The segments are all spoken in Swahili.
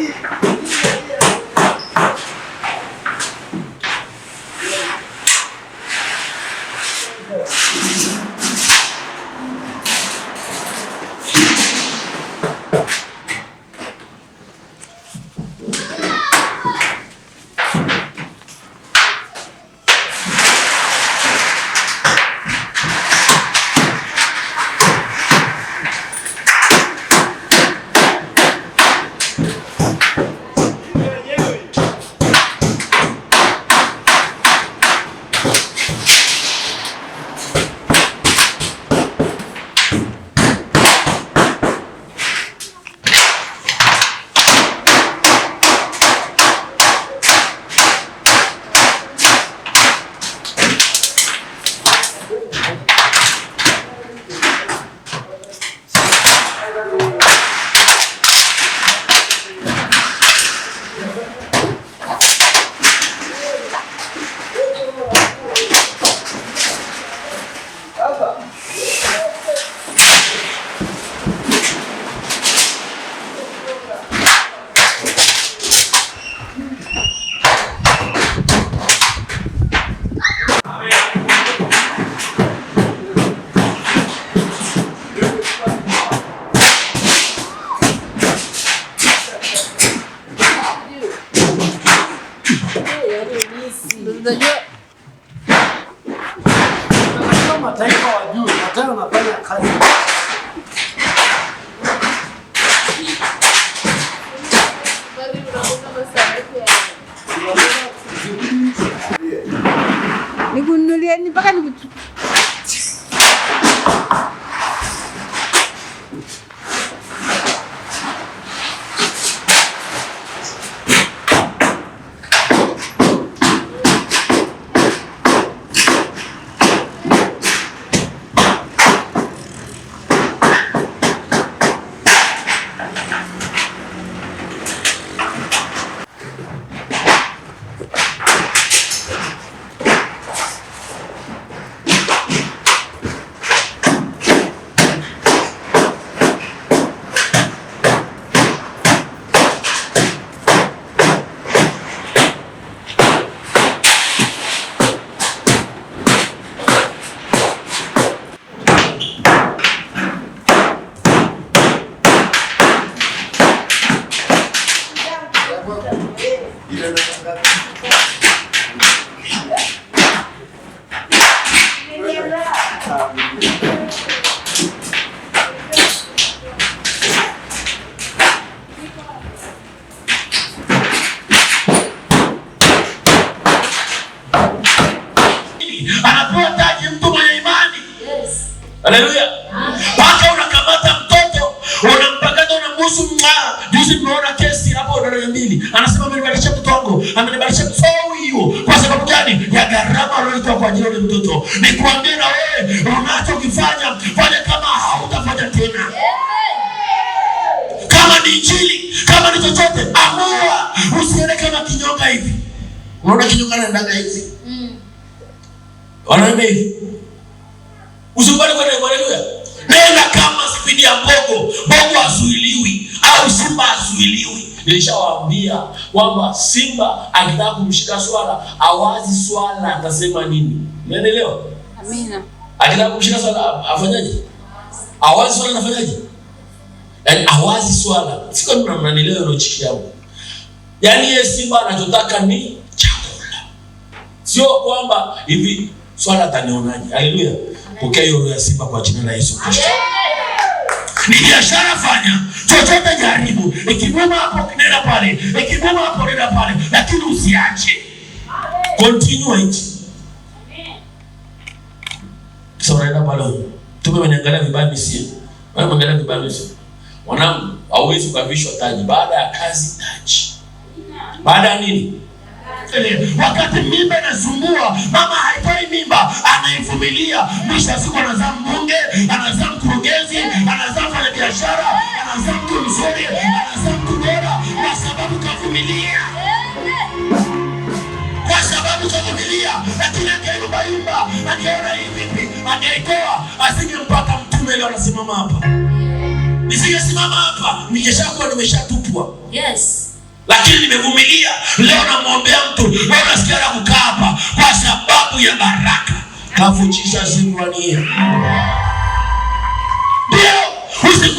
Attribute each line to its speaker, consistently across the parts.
Speaker 1: いいか the
Speaker 2: Hallelujah ya mbogo, mbogo azuiliwi au simba azuiliwi. Nilishawaambia kwamba simba akitaka kumshika swala awazi swala atasema nini? Unaelewa? Amina. Akitaka kumshika swala afanyaje? Awazi swala anafanyaje? Yaani awazi swala. Siko mna mnanielewa hilo chiki yangu. Yaani yeye simba anachotaka ni chakula. Sio kwamba hivi swala atanionaje. Haleluya. Pokea hiyo roho ya simba kwa jina la Yesu Kristo ni biashara fanya chochote, jaribu. Ikigoma hapo nenda pale, ikigoma hapo nenda pale, lakini usiache, continue it. Sasa unaenda pale, tume wanaangalia vibaya misi, wao wanaangalia vibaya misi, wanangu, hauwezi kukavishwa taji baada ya kazi. Taji baada ya nini?
Speaker 1: Wakati mimba inasumbua, mama haitoi mimba, anaivumilia, mwisho wa siku anazaa mbunge, anazaa mkurugenzi, anazaa biashara, anaanza mtu mzuri, eh. anaanza mtu bora, kwa sababu kavumilia,
Speaker 2: kwa sababu kavumilia. Lakini akayumbayumba, akaona hii vipi, akaitoa asinge mpaka mtume leo anasimama hapa. Nisingesimama hapa, ningeshakuwa nimeshatupwa. Yes lakini nimevumilia. Leo namwombea mtu, leo nasikia la kukaa hapa kwa sababu ya baraka. Kavujisha shukrani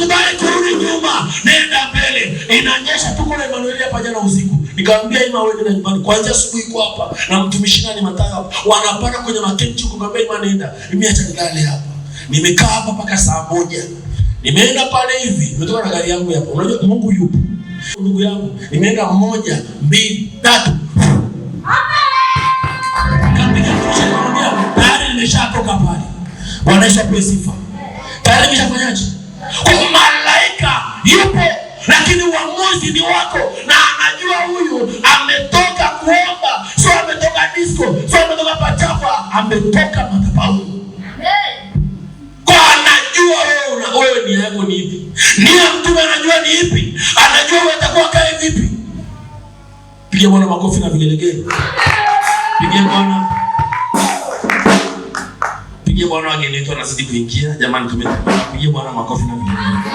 Speaker 2: usikubali kurudi nyuma, nenda mbele. Inanyesha tu kule Emanueli hapa jana usiku, nikamwambia Ima, wewe nenda nyumbani kuanzia asubuhi, kwa hapa na mtumishi nani Mathayo hapa, wanapanda kwenye makenchi huko, nikamwambia Ima, nenda, mimi acha nilale hapa. Nimekaa hapa mpaka saa moja, nimeenda pale hivi, nimetoka na gari yangu hapa. Unajua Mungu yupo, ndugu yangu, nimeenda moja, mbili, tatu tayari nimeshatoka pale, Bwana
Speaker 1: Yesu apewe sifa. Tayari nimeshafanyaje? Umalaika yupo, lakini uamuzi ni wako, na anajua huyu ametoka kuomba, sio
Speaker 2: ametoka disco, sio ametoka pachafa, ametoka madhabahu wewe yako ni ipi? mtume anajua ni ipi, anajua wewe utakuwa kae vipi. Bwana makofi na vigelegele, Bwana. Mpigie Bwana wageni wetu wanazidi kuingia. Jamani, tumpigie Bwana makofi na vigelegele.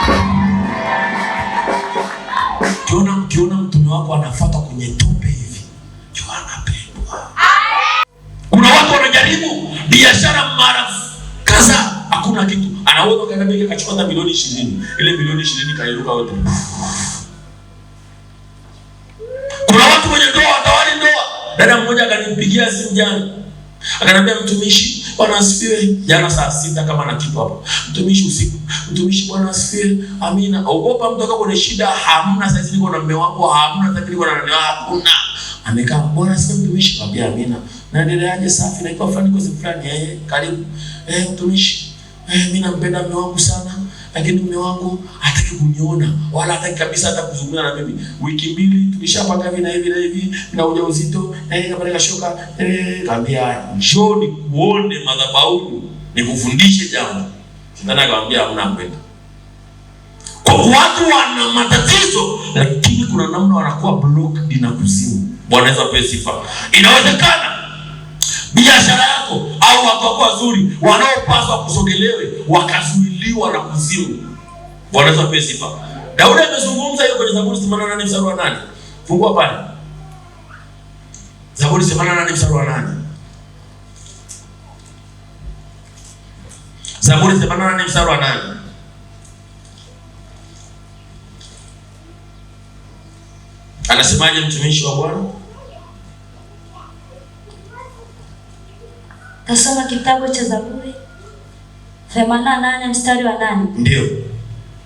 Speaker 2: Ukiona ukiona mtume wako anafuata kwenye tope hivi, jua anapendwa. Kuna watu wanajaribu biashara mara kaza, hakuna kitu. Anaweza kaenda beki kachukua hata milioni 20. Ile milioni 20 kairuka wote. Kuna watu wenye ndoa watawali ndoa. Dada mmoja akanipigia simu jana. akanambia mtumishi, Bwana asifiwe. Jana saa sita kama na kitu hapo, mtumishi usiku, mtumishi. Bwana asifiwe, amina. Ogopa mtu akawa na shida, hamna. Sasa hivi niko na mume wangu, hamna. Sasa niko na nani, hakuna. Amekaa, bwana asifiwe, mtumishi. kwambia amina, Na ndio naendeleaje? Safi, naitwa fulani, kwa fulani. Eh, karibu. Eh, mtumishi, eh, mimi nampenda mume wangu sana lakini mume wangu hataki kuniona wala hataki kabisa hata kuzungumza na mimi. Wiki mbili tulishapanga hivi na hivi na hivi na ujauzito na yeye kapeleka shoka eh, kaambia njoni kuone madhabahu nikufundishe jambo. Shetani akamwambia hamna kwenda. Kwa watu wana matatizo, lakini kuna namna wanakuwa block na kuzimu. Bwana Yesu apewe sifa. Inawezekana biashara yako au watu wako wazuri wanaopaswa kusogelewe wakazuiliwa kuzuiliwa na kuzimu. Bwana Yesu apewe sifa. Daudi amezungumza hiyo kwenye Zaburi 88 mstari wa 8. Fungua pale. Zaburi 88 mstari wa 8. Zaburi 88 mstari wa 8. Anasemaje mtumishi wa Bwana?
Speaker 1: Tasoma kitabu cha Zaburi 88 mstari wa nane. Ndio.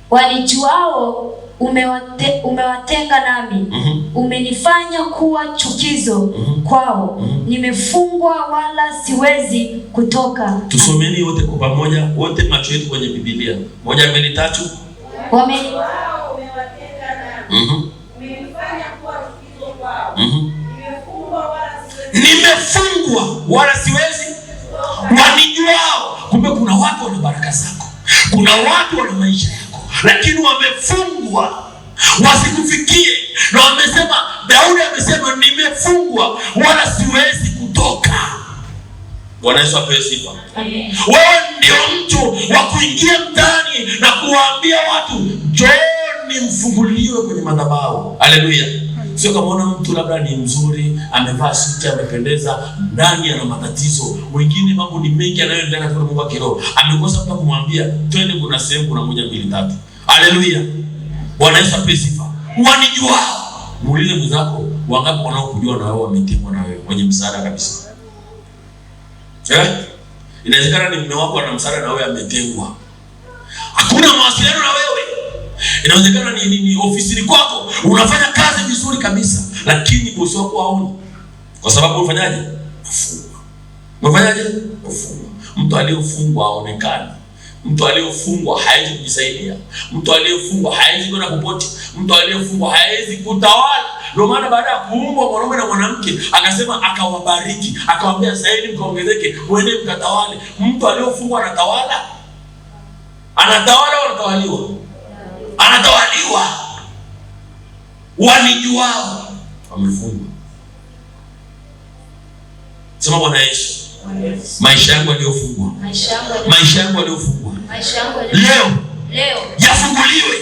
Speaker 1: Walijuao umewate, umewatenga nami mm -hmm. Umenifanya kuwa chukizo mm -hmm. kwao mm -hmm. Nimefungwa wala siwezi kutoka.
Speaker 2: Tusomeni wote kwa pamoja, wote macho yetu kwenye Biblia. Moja, mbili, tatu. Wame... Mm -hmm. Mm -hmm. Nimefungwa wala siwezi Wani Kumbe kuna watu wana baraka zako,
Speaker 1: kuna watu
Speaker 2: wana maisha yako, lakini wamefungwa wasikufikie, na wamesema, Daudi amesema, nimefungwa wala siwezi kutoka. Bwana Yesu apewe sifa. Wewe ndio mtu wa kuingia mtaani na kuwaambia watu, njooni mfunguliwe kwenye madhabahu. Haleluya. Sio kama unaona mtu labda ni mzuri, amevaa suti, amependeza, ndani ana matatizo. Wengine mambo ni mengi anayoendelea katika Mungu wa kiroho. Amekosa mtu kumwambia, twende kuna sehemu kuna moja mbili tatu. Haleluya. Bwana Yesu apewe sifa. Wanijua. Muulize mwenzako wangapi wanaokujua na wao wametimwa na wewe kwenye msaada kabisa. Eh? Inawezekana ni mume wako ana msaada na wewe ametengwa. Hakuna mawasiliano na wewe. Inawezekana ni, ni, ni ofisini kwako unafanya kazi vizuri kabisa, lakini bosi wako haoni kwa sababu unafanyaje? Kufungwa. Unafanyaje? Kufungwa. Mtu aliyofungwa haonekani. Mtu aliyofungwa haezi kujisaidia. Mtu aliyefungwa haezi kwenda kupoti. Mtu aliyefungwa haezi kutawala. Ndio maana baada ya kuumbwa mwanaume na mwanamke akasema, akawabariki, akawaambia zaidi mkaongezeke, mwende mkatawale. Mtu aliyofungwa anatawala, anatawala, anatawaliwa anatawaliwa, wanijuao wamefungwa. Sema Bwana Yesu, maisha yangu yaliyofungwa, maisha yangu yaliyofungwa
Speaker 1: leo yafunguliwe,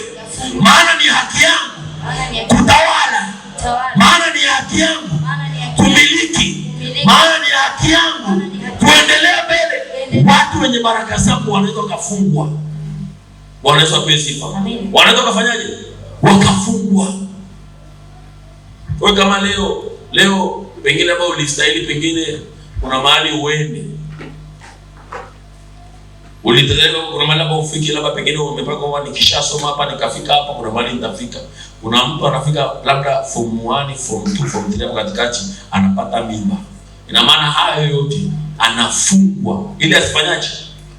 Speaker 1: maana ni haki yangu kutawala, maana ni
Speaker 2: haki yangu
Speaker 1: kumiliki,
Speaker 2: maana ni haki yangu kuendelea mbele. Watu wenye baraka zangu wanaweza wakafungwa. Bwana Yesu apewe sifa. Wanaweza kufanyaje? Wakafungwa. Wewe kama leo leo pengine ambao ulistahili pengine kuna mahali uende ulitazama kuna mahali ambao ufiki, labda pengine umepaka kwamba nikishasoma hapa nikafika hapa, kuna mahali nitafika. Kuna mtu anafika labda form 1, form 2, form 3 hapo katikati anapata mimba. Ina maana hayo yote anafungwa ili asifanyaje?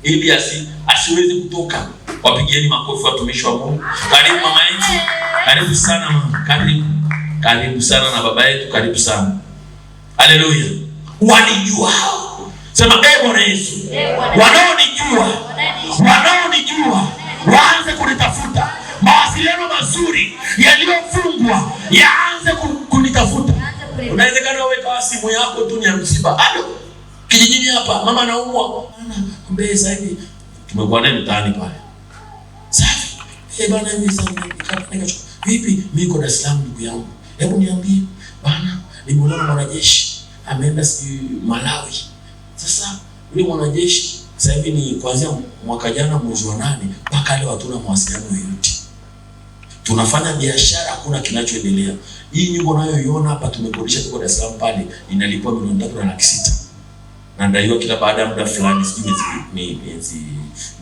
Speaker 2: ili asi, asiweze kutoka. Wapigieni makofi watumishi wa Mungu. Karibu mama yetu, karibu sana mama, karibu karibu sana na baba yetu, karibu sana haleluya. Wanijua sema, e Bwana Yesu, wanaonijua wanaonijua waanze kunitafuta, mawasiliano mazuri yaliyofungwa yaanze kunitafuta. Unawezekana uweka simu yako tu ni ya msiba, halo kijijini hapa, mama anaumwa, mbee sahivi tumekuwa naye mtaani pale. Safi eh bana, hivi sasa nikachukua vipi, mimi niko Dar es Salaam, ndugu yangu, hebu niambie bana, nimeona mwanajeshi ameenda si Malawi. Sasa yule mwanajeshi sasa hivi ni kuanzia mwaka jana mwezi wa nane mpaka leo hatuna mawasiliano yoyote, tunafanya biashara, hakuna kinachoendelea. Hii nyumba unayoiona hapa tumekodisha, tuko Dar es Salaam pale, inalipwa milioni tatu na laki sita nadaiwa kila baada ya muda fulani, sijui miezi miezi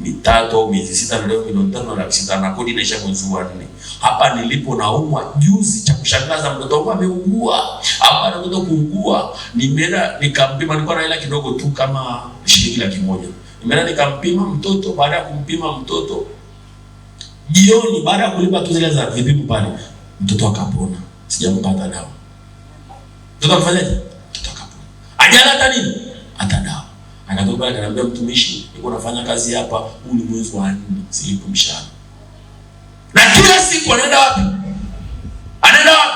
Speaker 2: mitatu au miezi sita, na leo milioni tano na sita na kodi inaisha mwezi wa nne. Hapa nilipo naumwa juzi, cha kushangaza, mtoto wangu ameugua. Hapa anakuja kuugua, nimeenda nikampima, nilikuwa na hela kidogo tu kama shilingi laki moja. Nimeenda nikampima mtoto, baada ya kumpima mtoto jioni, baada ya kulipa tu zile za vipimo pale, mtoto akapona, sijampata dawa. Mtoto akafanyaje? Mtoto akapona, ajala hata nini hata dawa. Akatoka pale akaniambia, mtumishi, niko nafanya kazi hapa, huu ni mwezi wa nne silipo mshahara. Na kila siku anaenda wapi? Anaenda wapi?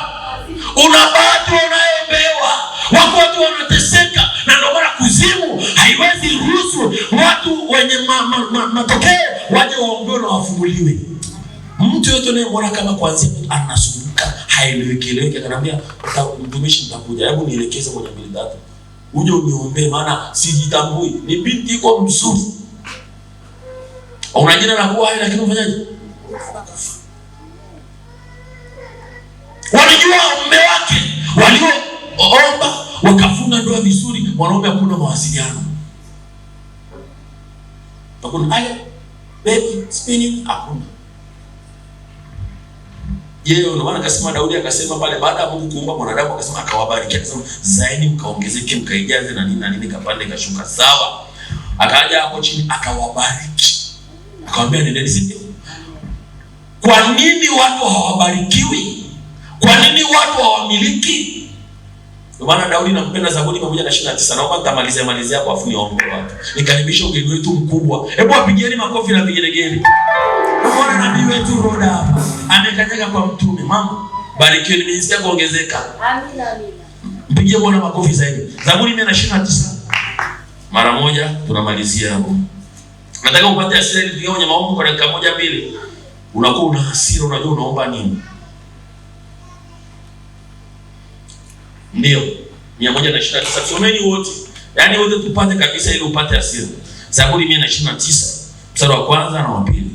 Speaker 2: Una watu wanaoombewa, wako watu wanateseka, na ndio maana kuzimu haiwezi ruhusu watu wenye ma, ma, ma, matokeo waje waombewe na wafunguliwe. Mtu yote unayemwona kama kwanzia anasumbuka, haieleweki eleweki, akanambia mtumishi, nitakuja, hebu nielekeze kwenye mbili tatu uje uniombee, maana sijitambui. Ni binti iko mzuri, una jina la kuwa hai, lakini ufanyaje? Walijua mume wake, walioomba wakafunga ndoa vizuri, mwanaume hakuna mawasiliano, hakuna aya bebi spini, hakuna yeye. Ndio maana akasema Daudi akasema pale, baada ya Mungu kuumba mwanadamu akasema akawabariki, akasema zaidi mkaongezeke, mkaijaze na nini na nini, kapande kashuka, sawa. Akaja hapo chini akawabariki, akamwambia nendeni sisi. Kwa nini watu hawabarikiwi? Kwa nini watu hawamiliki? Ndio maana Daudi nampenda Zaburi 129. Naomba tamalize malize hapo afu niombe watu. Nikaribisha ugeni wetu mkubwa. Hebu apigieni makofi na vigelegele. Nabii wetu Roda hapa amekanyaga kwa mtume. Mama, barikiwe, nimesikia kuongezeka.
Speaker 1: Amina, amina.
Speaker 2: Mpigie Bwana makofi zaidi. Zaburi 129. Mara moja tunamalizia hapo. Nataka upate hasira ili tuingie kwenye maombi kwa dakika moja mbili. Unakuwa una hasira, unajua unaomba nini? Ndio. 129. Someni wote. Yaani wote tupate kabisa ili upate hasira. Zaburi 129 mstari wa kwanza na wa pili.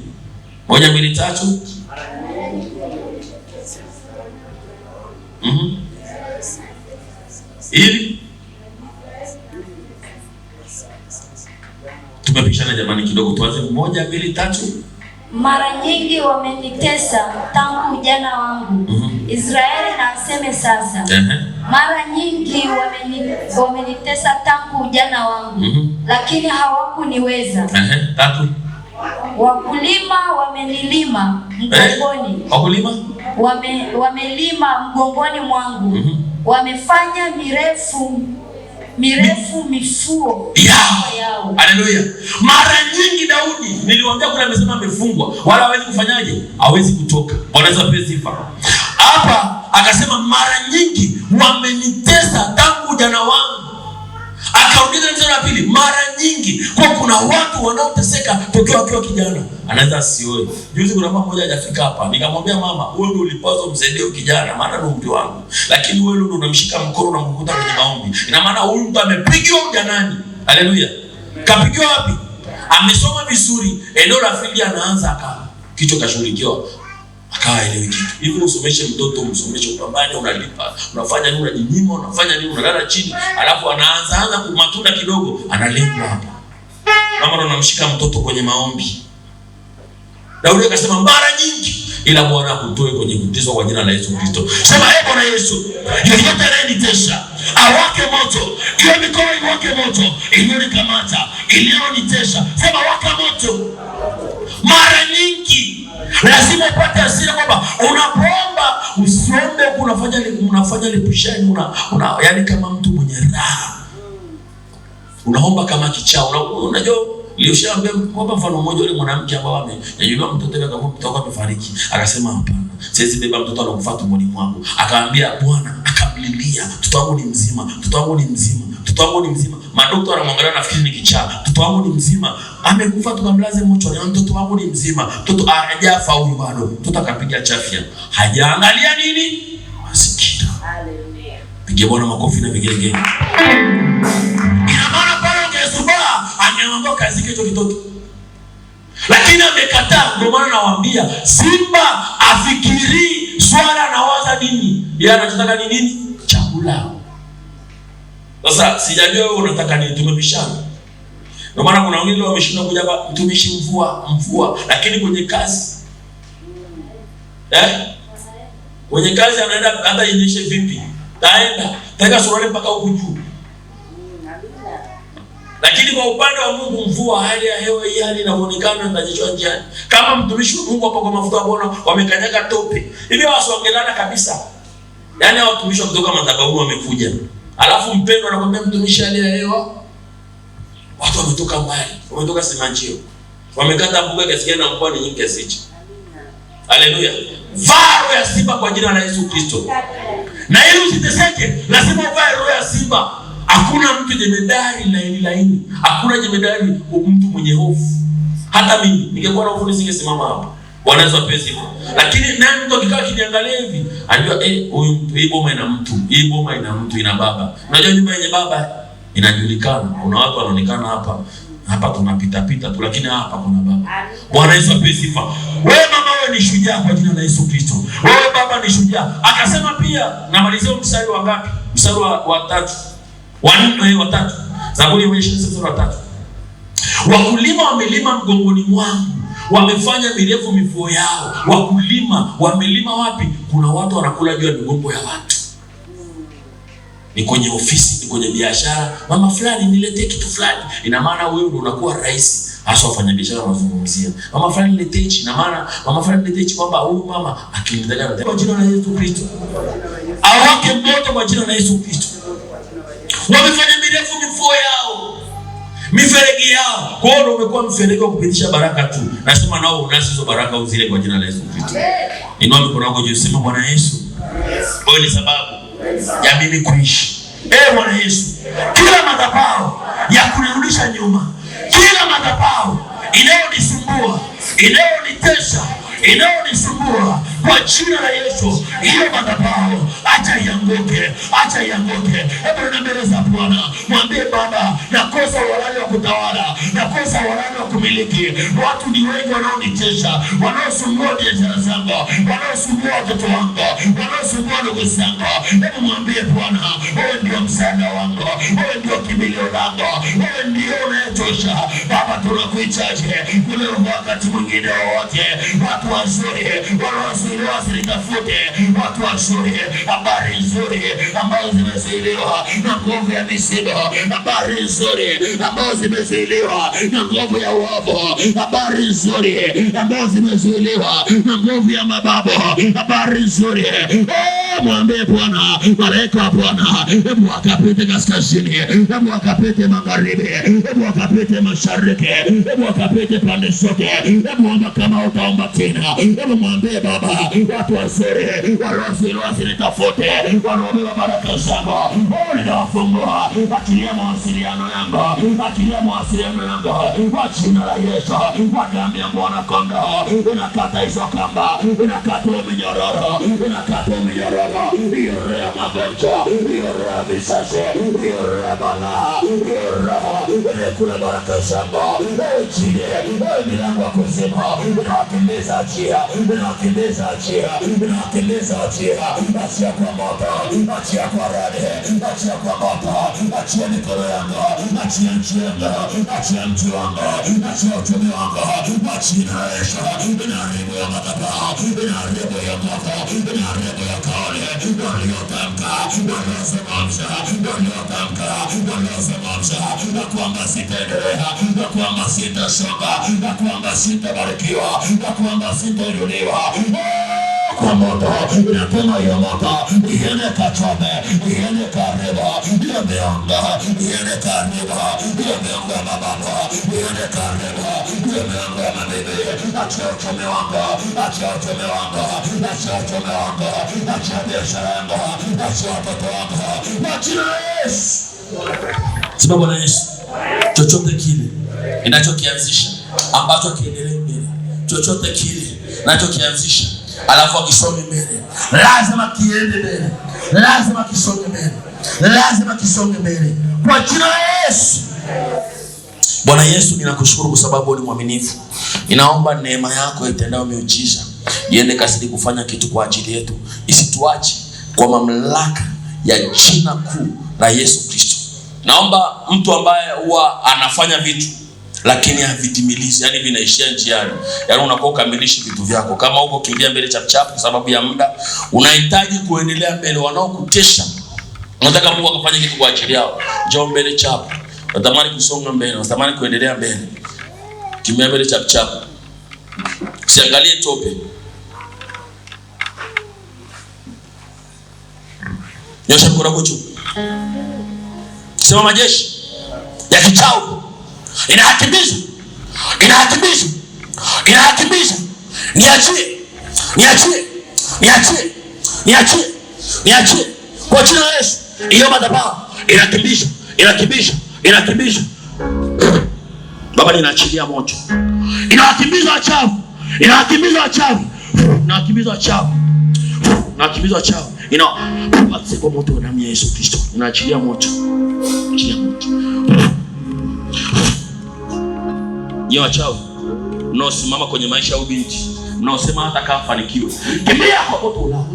Speaker 2: Moja, mbili, tatu. Mm-hmm. Ili tumepishana jamani kidogo, tuanze moja, mbili, tatu.
Speaker 1: Mara nyingi wamenitesa tangu ujana wangu. Mm-hmm. Israeli na aseme sasa. Uh-huh. Mara nyingi wamenitesa tangu ujana wangu. Mm-hmm. Lakini hawakuniweza. Uh-huh.
Speaker 2: Tatu. Wakulima wamenilima mgongoni, eh, wakulima wame wamelima mgongoni mwangu mm -hmm. Wamefanya mirefu
Speaker 1: mirefu mifuo yao.
Speaker 2: Haleluya! Mara nyingi Daudi, niliwaambia kuna amesema amefungwa, wala hawezi kufanyaje, hawezi kutoka. Wanaweza pia sifa hapa, akasema mara nyingi wamenitesa tangu jana la pili, mara nyingi kwa kuna watu wanaoteseka tokea wakiwa kijana, anaweza asioe. Juzi kuna mama mmoja hajafika hapa, nikamwambia mama, wewe ndio ulipaswa msaidie kijana, maana ndio mtu wangu, lakini wewe ndio unamshika mkono na kumkuta kwenye maombi. Ina maana huyu mtu amepigiwa ujanani. Haleluya, kapigiwa wapi? Amesoma vizuri, eneo la pili anaanza aka kichwa kashughulikiwa, akawa elewi kitu. Hivi usomeshe mtoto, usomeshe, kupambana, unalipa, unafanya nini, unajinyima, unafanya nini, unalala chini, alafu anaanza anza kumatunda kidogo, analengwa hapa. Mama ndo anamshika mtoto kwenye maombi. Daudi akasema mara nyingi ila Bwana akutoe kwenye kuteswa kwa jina la Yesu Kristo.
Speaker 1: Sema ee na Yesu, yeyote anayenitesa awake moto, hiyo mikono iwake moto, iliyonikamata iliyonitesa, sema waka moto.
Speaker 2: Lazima upate hasira kwamba unapoomba usiombe huku unafanya unafanya lipusheni una, una yani kama mtu mwenye raha. Unaomba kama kichaa. una, Unajua nilishambia kwamba mfano mmoja yule mwanamke ambaye amejua mtoto wake akakuwa mtoto wake amefariki, akasema hapana, siwezi beba mtoto anakufa tumboni mwangu. Akaambia Bwana, akamlilia, mtoto wangu ni mzima, mtoto wangu ni mzima mtoto wangu ni mzima. Madokta wanamwangalia nafikiri ni kichaa. Mtoto wangu ni mzima. Amekufa tukamlaze mochoni. Yaani mtoto wangu ni mzima. Mtoto hajafa huyu bado. Mtoto akapiga chafya. Hajaangalia nini? Masikio. Haleluya. Pigia Bwana makofi na vigelegele. Ina maana pale ungesubaha angeondoka kazi hicho kitoto. Lakini amekataa, ndio maana nawaambia Simba afikiri swala na waza nini? Yeye anachotaka ni nini? Chakula. Sasa sijajua wewe unataka nini, tumepishana. Ndio maana kuna wengine wameshindwa kuja hapa, mtumishi mvua mvua, lakini kwenye kazi eh, kwenye kazi anaenda hata inyeshe vipi, taenda taka suruali mpaka huku juu. Lakini kwa upande wa Mungu, mvua, hali ya hewa hii, hali na muonekano njiani. Kama mtumishi wa Mungu hapo kwa mafuta ya Bwana wamekanyaga tope hivi, hawasongelana kabisa, yaani hao watumishi kutoka madhabahuni wamekuja Alafu mpendo anakwambia mtumishi aliyeoa, watu wametoka mbali, wametoka Simanjiro, wamekata mbuga kiasi gani na mkoa ni nyingi kiasi hichi. Haleluya! Vaa roho ya simba kwa jina la Yesu Kristo, na ili usiteseke, lazima uvae roho ya simba. Hakuna mtu jemedari laini laini, hakuna jemedari mtu mwenye hofu. Hata mimi ningekuwa na hofu nisingesimama hapa wanazo pesa, lakini nani mtu akikaa kiniangalia hivi anajua eh, huyu mtu, hii boma ina mtu, hii boma ina mtu, ina baba. Unajua nyumba yenye baba inajulikana, kuna watu wanaonekana hapa hapa tunapita pita tu, lakini hapa kuna baba. Bwana Yesu apewe sifa. Wewe mama, wewe ni shujaa kwa jina la Yesu Kristo. Wewe baba ni shujaa. Akasema pia, namalizia mstari wa ngapi? Mstari wa, wa tatu wa nne wa tatu Zaburi ya 23. wa tatu wakulima wamelima mgongoni mwangu wamefanya mirefu mifuo yao, wakulima wamelima wapi? Kuna watu wanakula juu ya migongo ya watu, ni kwenye ofisi, ni kwenye biashara. Mama fulani niletee kitu fulani, ina maana wewe ndio unakuwa rais hasa wafanya biashara wanazungumzia mama fulani niletee hichi, na maana mama fulani niletee hichi, kwamba huyu mama akimdalia na kwa jina la Yesu Kristo, awake moto kwa jina la Yesu Kristo. Wamefanya
Speaker 1: mirefu mifuo yao
Speaker 2: mifereji yao. Kwa hiyo umekuwa mfereji wa kupitisha baraka tu. Nasema nao unazo hizo baraka uzile kwa jina la Yesu Kristo. Inua mikono yako juu, sema Bwana Yesu. Kwa ni sababu ya mimi kuishi. Eh, Bwana Yesu. Kila madhabahu ya kunirudisha nyuma, kila madhabahu inayonisumbua,
Speaker 1: inayonitesha, inayonisumbua kwa jina la Yesu, hiyo madhabahu acha ianguke, acha ianguke. Hebu na mbele za Bwana mwambie Baba, nakosa uhalali wa kutawala, nakosa uhalali wa kumiliki. Watu ni wengi wanaonichesha, wanaosumbua biashara zangu, wanaosumbua watoto wangu, wanaosumbua ndugu zangu. Hebu mwambie Bwana, wewe ndio msaada wangu, wewe ndio kimbilio langu, wewe ndio unayetosha Baba. Tunakuhitaji kule wakati mwingine wowote, watu wazuri wanaoz Msiliwasili, tafute watu wazuri, habari nzuri ambazo zimezuiliwa na nguvu ya misiba, habari nzuri ambazo zimezuiliwa na nguvu ya uovu, habari nzuri ambazo zimezuiliwa na nguvu ya mababu, habari nzuri eh, Mwambie Bwana, malaika wa Bwana, hebu wakapite kaskazini, hebu wakapite magharibi, hebu wakapite mashariki, hebu wakapite pande zote. Hebu omba kama utaomba tena, hebu mwambie Baba, watu wazuri walioasiri wasinitafute, wanaobeba baraka zangu oh, nitawafungua, achilia mawasiliano yangu, achilia mawasiliano yangu kwa jina la Yesu. Kwa damu ya mwanakondoo inakata hizo kamba, inakata minyororo, inakata minyororo, iondoa magonjwa, iondoa visasi, iondoa balaa, iondoa kula baraka zangu ejile milango ya kuzimu inawakimbiza njia, inawakimbiza achia, akiliza achia, achia kwa moto, achia kwa radi, achia kwa moto, achia mikono yangu, achia nchi yangu, achia mtu wangu, achia uchumi wangu, machina Yesu, inaharibu ya madhabahu, inaharibu ya moto, inaharibu ya kauli, waliotamka, waliozungumza, waliotamka, waliozungumza, na kwamba sitaendelea, na kwamba sitasonga, na kwamba sitabarikiwa, na kwamba sitainuliwa kwa moto inapima hiyo moto iende Kachobe, iende karibu hiyo mianga, iende karibu hiyo mianga mababa, iende karibu hiyo mianga mabibi. Achia uchumi wangu, achia uchumi wangu, achia uchumi wangu, achia biashara yangu, achia watoto wangu, mwachia Yesu. Sema Bwana Yesu,
Speaker 2: chochote kile ninachokianzisha ambacho kiendelee mbele, chochote kile ninachokianzisha alafu akisonge mbele,
Speaker 1: lazima kiende mbele, lazima kisonge mbele, lazima kisonge mbele kwa jina la Yesu.
Speaker 2: Bwana Yesu, ninakushukuru kwa sababu ni mwaminifu. Ninaomba neema yako itendao miujiza iende kasidi kufanya kitu kwa ajili yetu, isituache kwa mamlaka ya jina kuu la Yesu Kristo. Naomba mtu ambaye huwa anafanya vitu lakini havitimilizi, yani vinaishia njiani, yani unakuwa ukamilishi vitu vyako. Kama huko kimbia mbele chapchap kwa sababu ya muda, unahitaji kuendelea mbele. Wanaokutesha unataka Mungu akafanye kitu kwa ajili yao, njoo mbele chap, Natamani kusonga mbele, natamani kuendelea mbele, kimbia mbele chapchap, siangalie tope. Nyosha mkono wako juu, sema majeshi ya kichawi inahatibisha, inahatibisha,
Speaker 1: inahatibisha. Niachie, niachie, niachie,
Speaker 2: niachie, niachie kwa jina la Yesu. Hiyo madhabahu inatibisha, inatibisha, inatibisha. Baba, ninaachilia moto, inawakimbiza wachafu, inawakimbiza wachafu, inawakimbiza wachafu, inawakimbiza wachafu, ina kwa moto wa damu ya Yesu Kristo, inaachilia moto,
Speaker 1: inaachilia moto
Speaker 2: nyie wachawi mnaosimama kwenye maisha au binti, mnaosema hata kama mfanikiwe kimbia kwa popote ulao,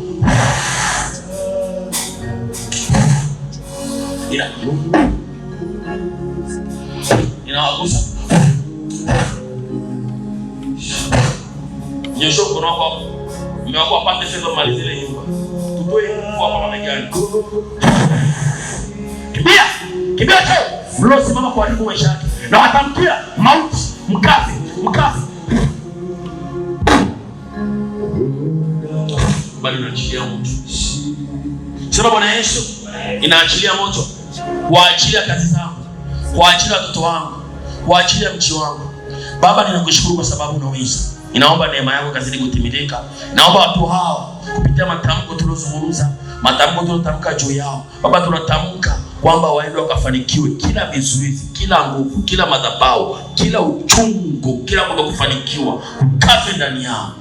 Speaker 2: ila inawagusa nyosho apate fedha mali zile nyumba tutoe kwa kimbia kimbia chao mlosimama kwa maisha yake na watamkia mauti mkasi, mkasi bado unachilia moto. Sema Bwana Yesu, inaachilia moto kwa ajili ya kazi zangu, kwa ajili ya watoto wangu, kwa ajili ya mchi wangu. Baba, ninakushukuru kwa sababu unaweza. Ninaomba neema yako kazidi kutimilika. Naomba watu hao kupitia matamko tuliozungumza, matamko tuliotamka juu yao, Baba, tunatamka kwamba waende wakafanikiwe kila vizuizi, kila nguvu, kila madhabahu, kila uchungu, kila kwamba kufanikiwa ukafe ndani yao.